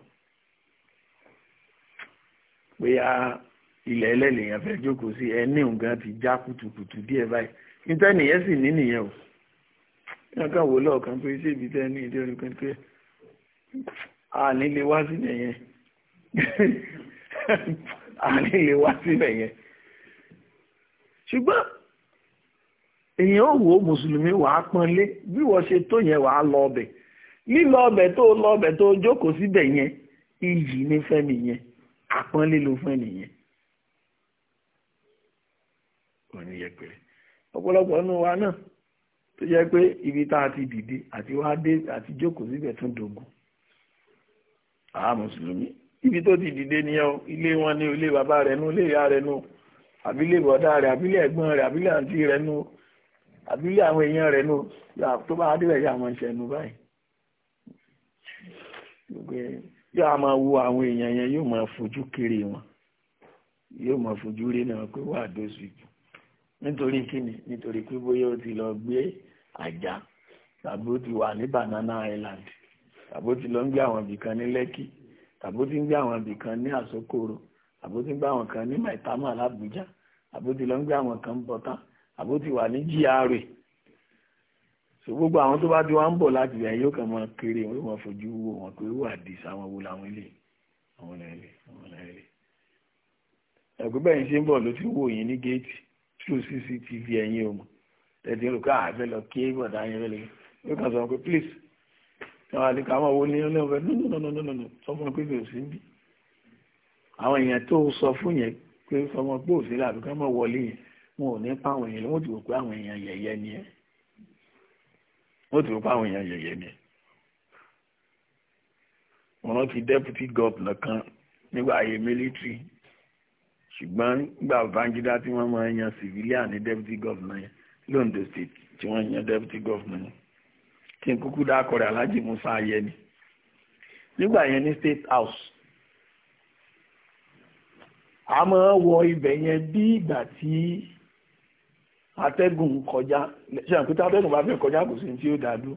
pé a ilẹ̀ ẹlẹ́lẹ̀ yẹn fẹ́ jókòó sí ẹni nǹkan ti já kùtùkùtù díẹ̀ báyìí níta nìyẹn sì ní nìyẹn o yẹn kàn wò lọ́ọ̀kan pé ṣé ibi tẹ́ ní ìdí orin kan pé a nílé wá sílẹ̀ yẹn a nílé wá sílẹ̀ yẹn ṣùgbọ́n èèyàn ò wò ó mùsùlùmí wàá pọ́nlé bí wọ́n ṣe tó yẹn wàá lọ ọbẹ̀ lílọ ọbẹ̀ tó lọ ọbẹ̀ tó jókòó síbẹ̀ yẹn iyì ní fẹ́mi yẹn àpọ́nlé ló fẹ́ nìyẹn. òní yẹ pé ọ̀pọ̀lọpọ̀ nínú wa náà tó yẹ pé ibi tá a ti dìde àti wá dé àti jókòó síbẹ̀ tún dogun. àá mùsùlùmí ibi tó ti dìde nìyẹn o ilé wọn ni ilé bàbá rẹ̀ nù ilé ìyá rẹ̀ nù àbílẹ̀ bọ̀dá rẹ̀ àbílẹ̀ ẹ̀gbọ́n rẹ̀ àbílẹ̀ àǹtí rẹ̀ nù àbí ilé àwọn èèyàn rẹ̀ nù tó bá débẹ̀ yà máa ṣẹnu báyìí yóò máa wo àwọn èèyàn yẹn yóò máa fojú kiri wọn yóò máa fojú rí náà pé wà dóṣù ìbò nítorí kíni nítorí pé bóyá ó ti lọ gbé àjà tàbí ó ti wà ní Banana Island tàbí ó ti lọ ń gbé àwọn ibìkan ní Lẹ́kì tàbí ó ti ń gbé àwọn ibìkan ní Àsokoro tàbí ó ti ń gbé àwọn kan ní Maitama l'Àbújá tàbí ó ti lọ ń gbé àwọn kan bọ́tán àbó ti wà ní GRA so gbogbo àwọn tó bá ti wá ń bọ̀ láti rẹ̀ yóò kàn máa kéré wọn yóò máa fojú wo wọn pé wà dìísà àwọn wo làwọn ilé àwọn ilé àwọn ilé ẹ̀gbẹ́ bẹ́ẹ̀ ṣe ń bọ̀ ló ti wò yín ní géètì through CCTV ẹ̀yìn o mọ̀ ń rò ká àfẹ́ ah, lọ kí bọ̀dá yẹn rẹ̀ yóò kàn sọ pé please káwọn àdìkà máa wo ní ọlọ́wọ́ fẹ́ no no no no no sọ fún mi pé mi ò sí níbí àwọn èèyàn tó sọ fún yẹn pé sọmọ pé òṣèlú àbíká máa wọlé yẹn wọn ò ní pa àwọn èèyàn wọ́n ti wò pé àwọn èèyàn yẹ̀yẹ́ ni ẹ́ wọ́n ti wò pé àwọn èèyàn yẹ̀yẹ́ ni ẹ́ wọ́n rántí deputy governor kan nígbà ayé military ṣùgbọ́n nígbà Babangida tí wọ́n máa ń yan civilian ní deputy governor yẹn londo state tí wọ́n yan deputy governor yẹn kí n kúkú dákọ̀ rẹ̀ Alhaji Musa Ayẹni nígbà yẹn ní state house a máa wọ ibẹ̀ yẹn bí ìgbà tí atẹ́gùn kọjá ṣẹ́yàn pé tátẹ́gùn bá fẹ́ kọjá kò sí tí ó dàdú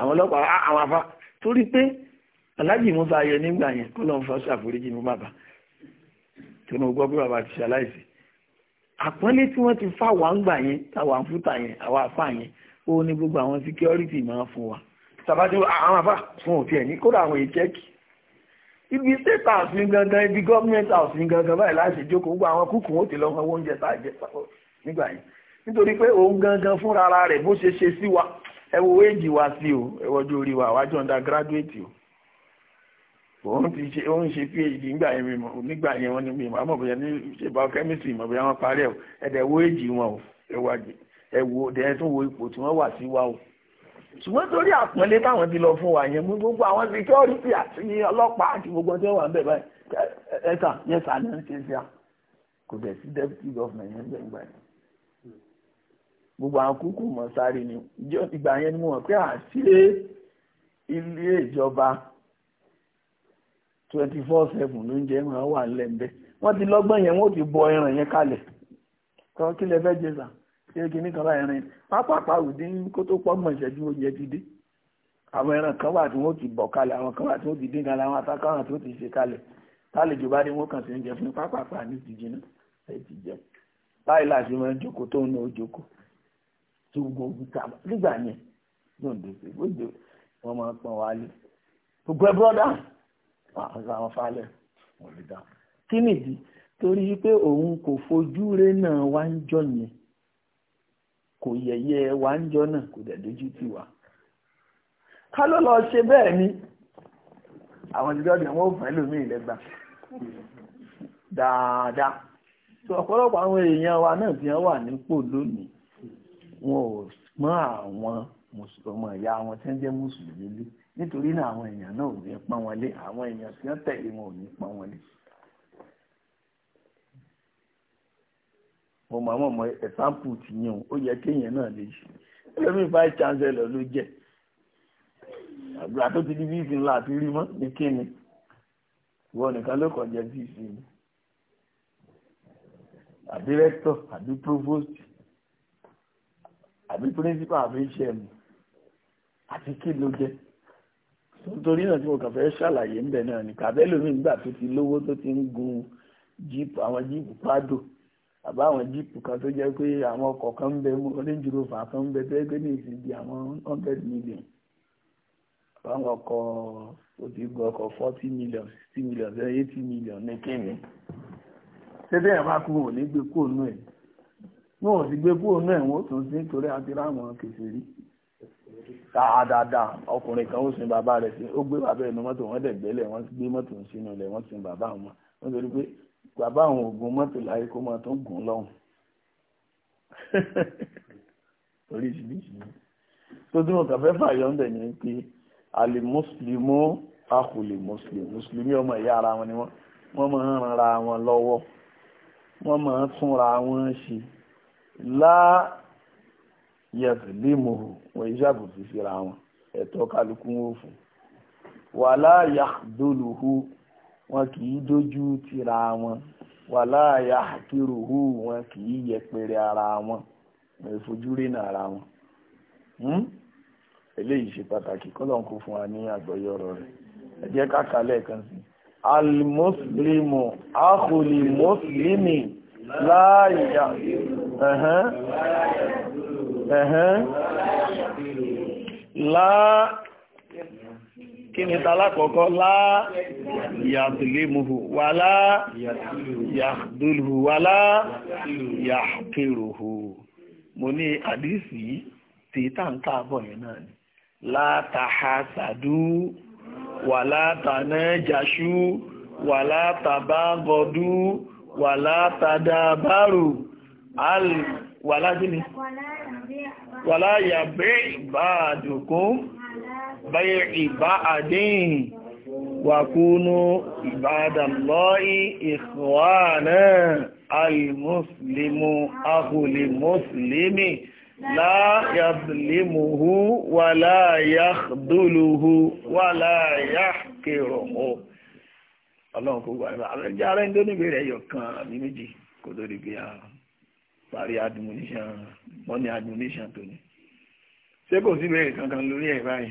àwọn ọlọ́pàá àwọn afá torí pé alájì Musa ayẹ nígbà yẹn kó lọ́n fọ́ ṣàforíjì mú bàbá tí wọ́n gbọ́ pé bàbá ti ṣaláìsí àpọ́nlé tí wọ́n ti fà wá ń gbà yẹn táwọn fúta yẹn àwọn afá yẹn ó ní gbogbo àwọn síkírọ́rìtì máa fún wa sàbájú àwọn afá fún òtí ẹ̀ ní kódà àwọn ìkẹ́kì ibi state house ní gangan ibi government house ní gangan báyìí láti jókòó gbogbo àwọn kúkú ó ti lọ́wọ́ oúnjẹ tá a jẹ nígbà yẹn nítorí pé òun gangan fúnra ara rẹ̀ bó ṣe ṣe sí wa ẹ wo éèjì wa sí o ẹ wọ́jú orí wa àwájú undergraduate o òun ti ṣe òun ṣe phd nígbà yẹn mímọ nígbà yẹn wọn ni mímọ àmọ́ bóyá ní ṣèbá chemistry mọ bóyá wọn parí ẹ ẹdẹ wo èjì wọn o ẹwà ẹ wo ẹ tún wo ipò tí wọn wà sí wa o ṣùgbọ́n torí àpọ́nlé táwọn ti lọ fún wa yẹn gbogbo àwọn security àti ọlọ́pàá àti gbogbo ọjọ́ wà ń bẹ̀ báyìí ẹ̀ka yẹn sàn ní ṣe ṣe à kò dẹ̀ sí deputy government yẹn bẹ̀ yẹn gbogbo àwọn kúkú mọ̀ sáré ni ìgbà yẹn ni mo mọ̀ pé àṣìlẹ̀ ilé ìjọba twenty four seven ló ń jẹ́ ìran wà lẹ́ńbẹ́ wọ́n ti lọ́gbọ́n yẹn wọ́n ti bọ ẹran yẹn kalẹ̀ kan kí lẹ fẹ́ jẹ sà kí lè kíní kan bá ẹran yẹn pápápá òdì kó tó pọ́gbọ̀n ìṣẹ́jú oúnjẹ ti dé àwọn ẹran kan wà tí wọ́n ti bọ̀ kalẹ̀ àwọn kan wà tí wọ́n ti dín kalẹ̀ àwọn atákàwọn tí wọ́n ti ṣe kalẹ̀ tálejò bá dé wọ́n kàn sí oúnjẹ fún pápápá ní ti jiná ẹ ti jẹun báyìí láti máa jókòó tóun náà jókòó tó gbogbo ká nígbà yẹn lóńdó sí lóńdó wọn máa pọn wálé gbogbo ẹ bọ́dà àwọn falẹ̀ wọn lè dá kí nìdí torí pé òun kò fojú rẹ náà wá ń jọ yẹn kò yẹyẹ wá ń jọ náà kò dẹ̀ dojú tì wá ká ló lọ ṣe bẹ́ẹ̀ ni àwọn ìjọba ni wọ́n fẹ́ lómi ìlẹ́gbà dáadáa tó ọ̀pọ̀lọpọ̀ àwọn èèyàn wa náà ti wà nípò lónìí wọn ò mọ àwọn mùsùlùmọ̀ ìyá wọn tí ń jẹ́ mùsùlùmí lé nítorí náà àwọn èèyàn náà ò ní pọ́n wọn lé àwọn èèyàn tí wọ́n tẹ̀lé wọn ò ní pọ́n wọn lé. mo mọ àwọn ọmọ ẹ̀sáǹpù o ó yẹ kéèyàn náà lè ṣe ẹlẹ́mìí vice chancellor ló jẹ́ àgbà tó ti di bíìsì ńlá àti rí ní kíni ìwọ nìkan ló kàn jẹ́ bíìsì ni àbí rector provost àbí principal àbí iṣẹ́ mi àti kí ló jẹ́ nítorí náà tí mo kàn fẹ́ ṣàlàyé ń bẹ̀ náà ni kàbẹ́ lómi nígbà tó ti lówó tó ti ń gun jíìpù àwọn jíìpù pádò àbá àwọn jíìpù kan tó jẹ́ pé àwọn ọkọ̀ kan ń bẹ Range Rover kan ń bẹ tó yẹ pé ní ìsìn di àwọn hundred million àwọn ọkọ̀ tó ti gun ọkọ̀ forty million sixty million eighty million ní kíni ṣé bẹ́ẹ̀ máa kú òní gbé kóònù ẹ̀ wọn ò sì gbé kúrò náà wọn ò tún sí torí àti ráwọn kèsìrí dáadáa ọkùnrin kan ó sin bàbá rẹ̀ sí ó gbé bàbá ẹnu mọ́tò wọn dẹgbẹlẹ wọn gbé mọ́tò sínú ilẹ̀ wọn sin bàbá wọn wọn torí pé bàbá àwọn ògùn mọ́tò láyé kó máa tún gùn lọ́hùn oríṣiríṣi tó tí kàn fẹ́ fàyọ́ ń bẹ̀ ni pé àlè mùsùlùmí àkùlè mùsùlùmí mùsùlùmí ọmọ ìyá ara wọn ni wọn máa ń ran wọn lọ́wọ́ wọn máa ń túnra wọn ṣe láyẹ̀fìlímùhù wọ́n iṣẹ́ àbòsí síra wọn ẹ̀tọ́ kálukú wọn fún wà láyà dólùhù wọn kì í dójú tira wọn wà láyà kírùhù wọn kì í yẹpẹrẹ ara wọn wọn ìfojú rìnà ara wọn hmm? eléyìí ṣe pàtàkì kọ́lọ̀ kó fún wa ní àgbọ́yé ọ̀rọ̀ rẹ̀ ẹ ká kà lẹ́ẹ̀kan sí al-muslimu akhul muslimi láàyà ẹ̀hẹ́n ẹ̀hẹ́n láà kí ni talákọ̀ọ́kọ́ láà yàtìlémùhù wà láà yàdúlùhù wà láà yàkèrùhù mo ní àdísì tí tàǹkà bọ̀ yẹn náà ni látàhásàdú wà látànájàṣú wà látàbágọdú wàlá tàdábàrù wàlá gíní wàlá yàbẹ́ ìbáàdùkún báyẹ̀ ìbáàdín wàkúnú ìbádàlọ́ì ìṣòwànà alìmùsùlìmù ahùlìmùsùlìmì láyàbìlìmùhú wàlá yàdúlùhú wàlá yàkìrùhù ọlọ́run kò gbà nípa àwọn ẹja ara ẹni tó níbi rẹ̀ yọ kan àbí méjì kó tó di pé a parí admonition money admonition tó ní ṣé kò sí ìbéèrè kankan lórí ẹ̀ báyìí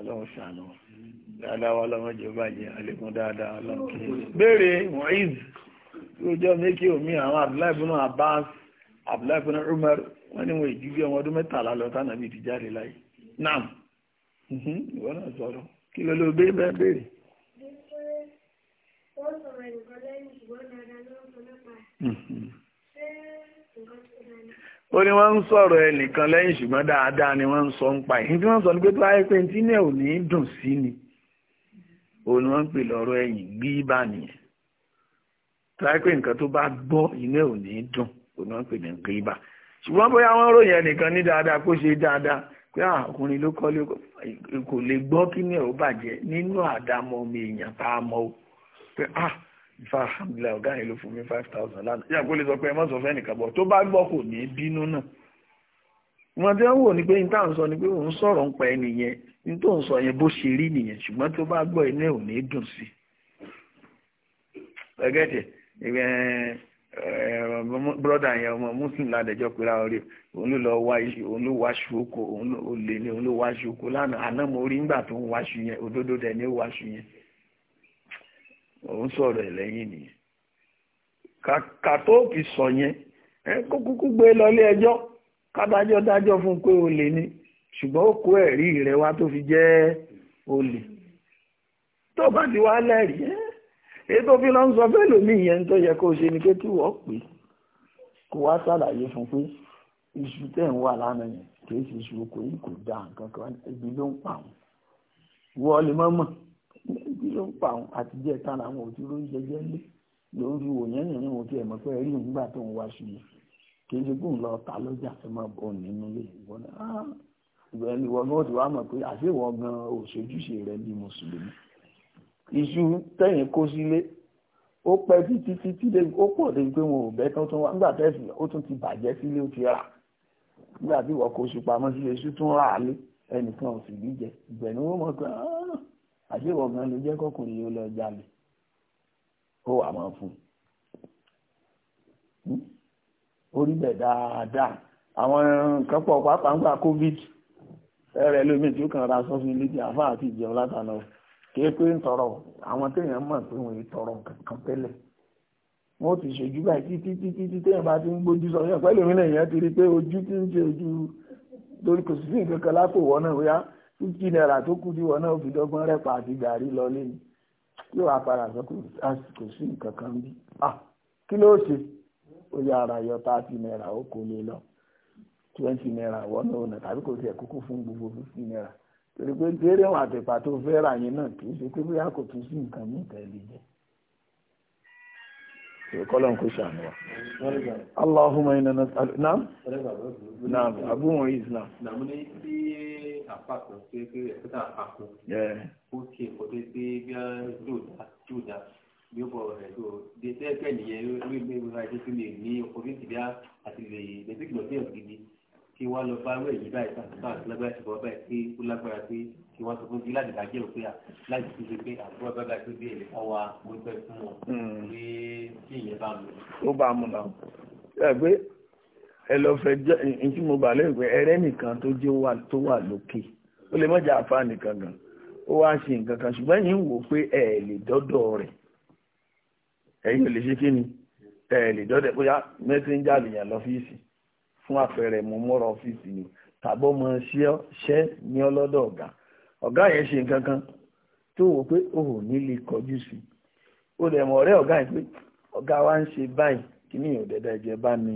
ọlọ́run ṣàánú dáadáa wa ọlọ́run jẹ́ bàjẹ́ àlékún dáadáa ọlọ́run kì í béèrè mohiz lójọ́ méjì omi àwọn Abdullahi ibn Abbas Abdullahi ibn Umar wọ́n ní wọ́n ìjú bí ọmọ ọdún mẹ́tàlá lọ tánàbí ti jáde láyé náà mhm. ìwọ náà sọ̀rọ̀ kí ló ló béèrè Mhm. ó ni ní wọ́n ń sọ̀rọ̀ ẹnìkan lẹ́yìn ṣùgbọ́n dáadáa ni wọ́n ń sọ ń pa ẹ̀ tí wọ́n sọ ní pé tó ayé pé tí dùn sí ni o ni wọ́n ń pè lọ́rọ̀ ẹ̀yìn gbí bá nìyẹn tó ayé pé nǹkan tó bá gbọ́ inú ò ní dùn ni wọ́n pè ní gbí bá ṣùgbọ́n bóyá wọ́n ròyìn ẹnìkan ní dáadáa kó ṣe dáadáa pé ah, ló kò lè gbọ́ kí ní pé ah ìfà alhamdulilayi ọ̀gá yẹn ló fún mi five thousand lánàá yàgò lè sọ pé ẹ má sọ fẹ́ nìkan bọ̀ tó bá gbọ́ kò ní bínú náà wọn tí wọn wò ní pé n tá à ń sọ ni pé òun sọ̀rọ̀ ń pa ẹni yẹn n tó ń sọ yẹn bó ṣe rí nìyẹn ṣùgbọ́n tó bá gbọ́ inú ẹ̀ ò ní dùn sí i ẹgẹ́tẹ̀ broda yẹn ọmọ muslim ládẹjọ pé ra ọ̀rẹ́ òun ló lọ wá iṣu òun ló wáṣu oko òun ló lè ní òun ló wáṣu oko lánàá àná mo rí ngbà tó ń wáṣu yẹn òdodo dẹ̀ ní ó wáṣu yẹn òun sọ̀rọ̀ ẹ̀ lẹ́yìn nìyẹn kàkà tó fi sọ yẹn ẹ kó kúkú gbé lọlé ẹjọ́ kádájọ́ dájọ́ fún pé olè ni ṣùgbọ́n ó kó ẹ̀rí rẹ̀ wá tó fi jẹ́ olè tó bá ti wá lẹ́rìí ẹ́ èyí tó fi lọ ń sọ fẹ́ lómi ìyẹn tó yẹ kó ṣe ni pé kí wọ́n pè kó wá ṣàlàyé fún pé iṣu tẹ̀ ń wà lánàá yẹn kì í ṣe iṣu oko yìí kò dáa nǹkan kan ibi ló ń pa àwọn wọ́ọ̀lì mọ́mọ́ kí ló ń pa àwọn àtijọ́ tán làwọn ò ti rórí jẹjẹ lé lórí òyìn ìrìn òun tí ẹ̀ mọ̀ pé rí nígbà tó ń wáṣu yìí kì í ṣe gùn lọ ta lọ́jà fẹ́ máa bọ̀ nínú ilé ìwọ náà ah, ìgbà ni wọn náà ti wá mọ̀ pé àṣewọ̀ gan òṣèjúṣe rẹ bí mùsùlùmí iṣu tẹ̀yìn kó sílé ó pẹ́ títí títí dé ó pọ̀ débi pé wọn ò bẹ́ tán tún wá nígbà tẹ́sí ó tún ti bàjẹ́ sílé ó ti rà nígbà tí ìwọ kó ṣùpamọ́ sílé iṣu tún rà á lé ẹnìkan ò sì rí jẹ ìgbẹ̀ni wọn mọ̀ pé áá ah, àṣewọ̀ gan ló jẹ́ kọkùnrin yóò lọ jalè ó wà máa fún un orí hmm? bẹ̀ dáadáa àwọn nǹkan pọ̀ pàápàá ń covid ẹ̀rẹ̀ lómi tí ó kàn ra sọ́fin létí àfa àti ìjẹun látàná kéé pé ń tọrọ àwọn téèyàn mọ̀ pé wọ́n tọrọ kankan tẹ́lẹ̀ wọ́n ti ṣojú báyìí títí títí tí téèyàn bá ti ń gbójú sọ yẹn pẹ́lú mi náà èèyàn ti rí i pé ojú ti ń ṣe ojú torí kò sí sí nǹkan kan lápò wọ́n náà wíyá fifty naira tó kù tí wọn náà fi dọ́gbọ́n rẹpa àti gàrí lọ lé ni yóò wá padà sọ kò sí nǹkan kan bí ah, kí ló ṣe ó yà ara yọ thirty naira ó kò lè lọ twenty naira wọn náà nà tàbí kò tiẹ̀ kúkú fún gbogbo fifty naira torí pé déréwọ̀n àtẹ̀pà tó fẹ́ rà yẹn náà kì í ṣe pé bóyá kò tún sí nǹkan mú tẹ̀lé jẹ́ kọ́lọ̀ kó ṣàánú wa. Allahumma inna nas'aluka naam naam abu wọn yìí naam. Nàmú bí àpapọ̀ ṣe pé ẹ̀kọ́tà àpapọ̀. Ó ṣe ìkọ́dé pé bí a yóò dá yóò dá bí ó bọ̀ rẹ̀ tó de tẹ́ẹ̀kẹ́ nìyẹn lórí ilé ìwé ajé tó lè ní ọkọ̀ bí àti lè lẹ́sìn ìgbọ̀nsẹ̀ ògidì kí wọ́n lọ bá wẹ̀ yìí báyìí tàbí lágbára ṣùgbọ́n báyìí pé ó lágbára pé kí wọ́n ti kó di láti dájẹ́ òpin à láti fi ṣe pé àbúrò bàbá tó bí èlé kan wá mo fẹ́ fún wọn hmm. pé kí ìyẹn bá mi. ó bá a mú náà ẹ gbé ẹ lọ fẹ́ jẹ ntí mo bà lóyún pé ẹrẹ nìkan tó jẹ tó wà lókè ó lè mọjà àfa nìkan gan ó wá ṣe nǹkan kan ṣùgbọ́n ẹ̀yin wò pé ẹ lè dọ́dọ̀ rẹ̀ ẹ̀yin ò lè ṣe kí ni ẹ lè dọ́dọ̀ bóyá mẹ́sẹ̀njà lèèyàn lọ́fíìsì fún àpẹẹrẹ mo mọ́ra ọ́fíìsì ni tàbọ́ mọ ṣẹ́ ní ọlọ́dọ̀ ọ̀gá ọ̀gá yẹn ṣe nǹkan kan tó wò pé o ò ní lè kọjú sí i ó dẹ̀ mọ̀ ọ̀rẹ́ ọ̀gá yẹn pé ọ̀gá wa ń ṣe báyìí kíní ìdẹ̀dẹ̀ ìjẹ́ bá ní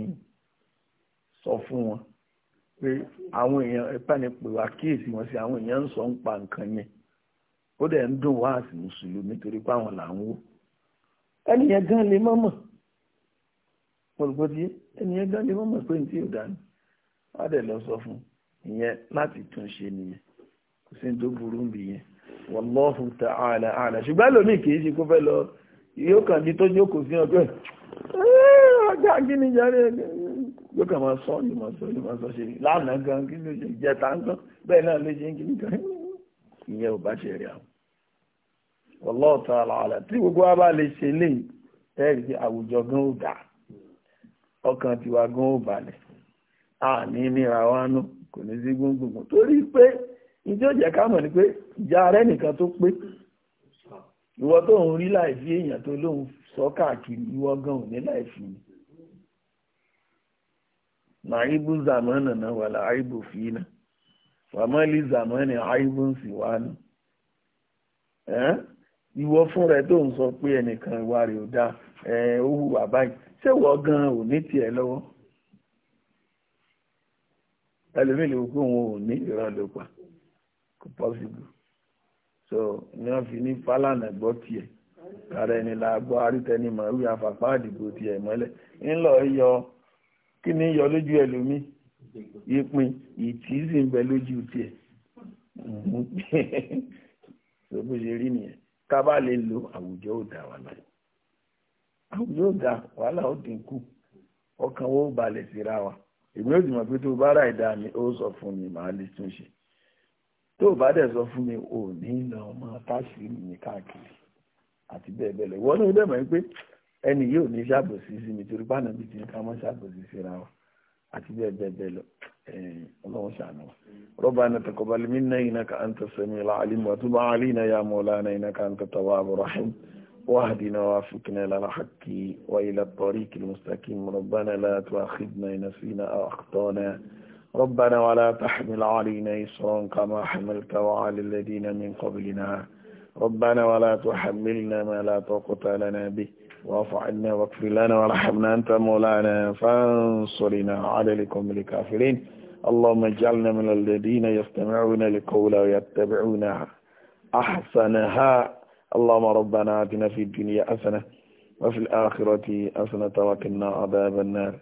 sọ fún wọn pé àwọn èèyàn ẹ̀pá ni pè wá kíyèsí wọn sí àwọn èèyàn ń sọ ń pa nǹkan yẹn ó dẹ̀ ń dùn wá àti mùsùlùmí torí pé àwọn là ń wò ẹni yẹn gan lè mọ́ mo rò pé ẹni yẹn gan lè mọ́ pé ní tí ò dání wá dẹ̀ lọ sọ fún ìyẹn láti tún ṣe nìyẹn sí tó burú ń bì yẹn wallahu ta'ala àlà ṣùgbọ́n lómi kì í ṣe kó fẹ́ lọ yóò kàn di tó jókòó sí ọgbẹ́ ah, ọjà kí ni jàre yóò kàn máa sọ yóò máa sọ yóò máa sọ ṣe lánàá gan kí ló ṣe jẹ táǹkan bẹ́ẹ̀ náà ló ṣe ń kí ní kan ìyẹn ní tí ó ni pé ìjà rẹ nìkan tó pé ìwọ tó ń rí láìfí èèyàn tó lóun sọ káàkiri ìwọ gan ò ni na zàmọ́nà náà wà láàíbù fínà wàmọ́lì zàmọ́nà àíbù ń sì wá nù ìwọ fún rẹ tó ń sọ pé ẹnìkan ìwà rẹ̀ ò dáa ó hùwà báyìí ṣé ìwọ gan ò tiẹ̀ lọ́wọ́ ẹlòmíì lè wò pé òun ò ní possible so ní wọ́n fi ní gbọ gbọ́ tiẹ̀ kára ẹni la gbọ́ arítẹni mọ̀ wí afàpá àdìgbò tiẹ̀ mọ́lẹ̀ ńlọ yọ kí yọ lójú ẹlòmí ìpín ìtì sì ń bẹ lójú tiẹ̀ so bó ṣe rí nìyẹn ká bá lè lo àwùjọ ò dá wà láì àwùjọ ò dá wàhálà ó dínkù ọkàn wo balẹ̀ síra wa èmi ò sì mọ̀ pé tó bá ra ìdá mi ó sọ fún mi màá lè tún tó o bá dẹ̀ sọ fún mi ò ní lọ ọmọ táṣìírí mi káàkiri àti bẹ́ẹ̀ bẹ́ẹ̀ lọ ìwọ náà dẹ̀ mọ̀ pé ẹni yóò ní ṣàbòsí sí mi torí bánà bíi ti ń ká mọ́ ṣàbòsí síra wa àti bẹ́ẹ̀ bẹ́ẹ̀ bẹ́ẹ̀ lọ ọlọ́run ṣàánú wa ربنا تقبل منا إنك أنت السميع العليم وتب علينا يا مولانا إنك أنت التواب الرحيم واهدنا وافقنا إلى الحق وإلى الطريق المستقيم ربنا لا تؤاخذنا إن نسينا أو أخطأنا ربنا ولا تحمل علينا إصرا كما حملت وعلى الذين من قبلنا ربنا ولا تحملنا ما لا طاقة لنا به واعف عنا واغفر لنا وارحمنا أنت مولانا فانصرنا على القوم الكافرين اللهم اجعلنا من الذين يستمعون القول ويتبعون أحسنها اللهم ربنا آتنا في الدنيا حسنة وفي الآخرة حسنة وقنا عذاب النار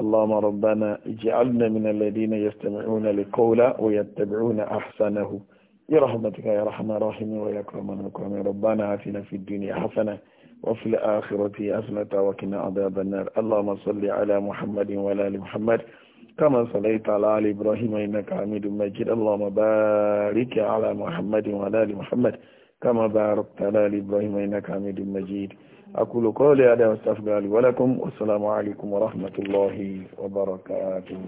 اللهم ربنا اجعلنا من الذين يستمعون لقولا ويتبعون أحسنه برحمتك يا رحمن رحمة ويا أكرم الأكرمين ربنا آتنا في الدنيا حسنة وفي الآخرة حسنة وكنا عذاب النار اللهم صل على محمد وعلى آل محمد كما صليت على آل إبراهيم إنك حميد مجيد اللهم بارك على محمد وعلى آل محمد كما باركت على آل إبراهيم إنك حميد مجيد أقول قولي هذا وأستغفر لي ولكم والسلام عليكم ورحمة الله وبركاته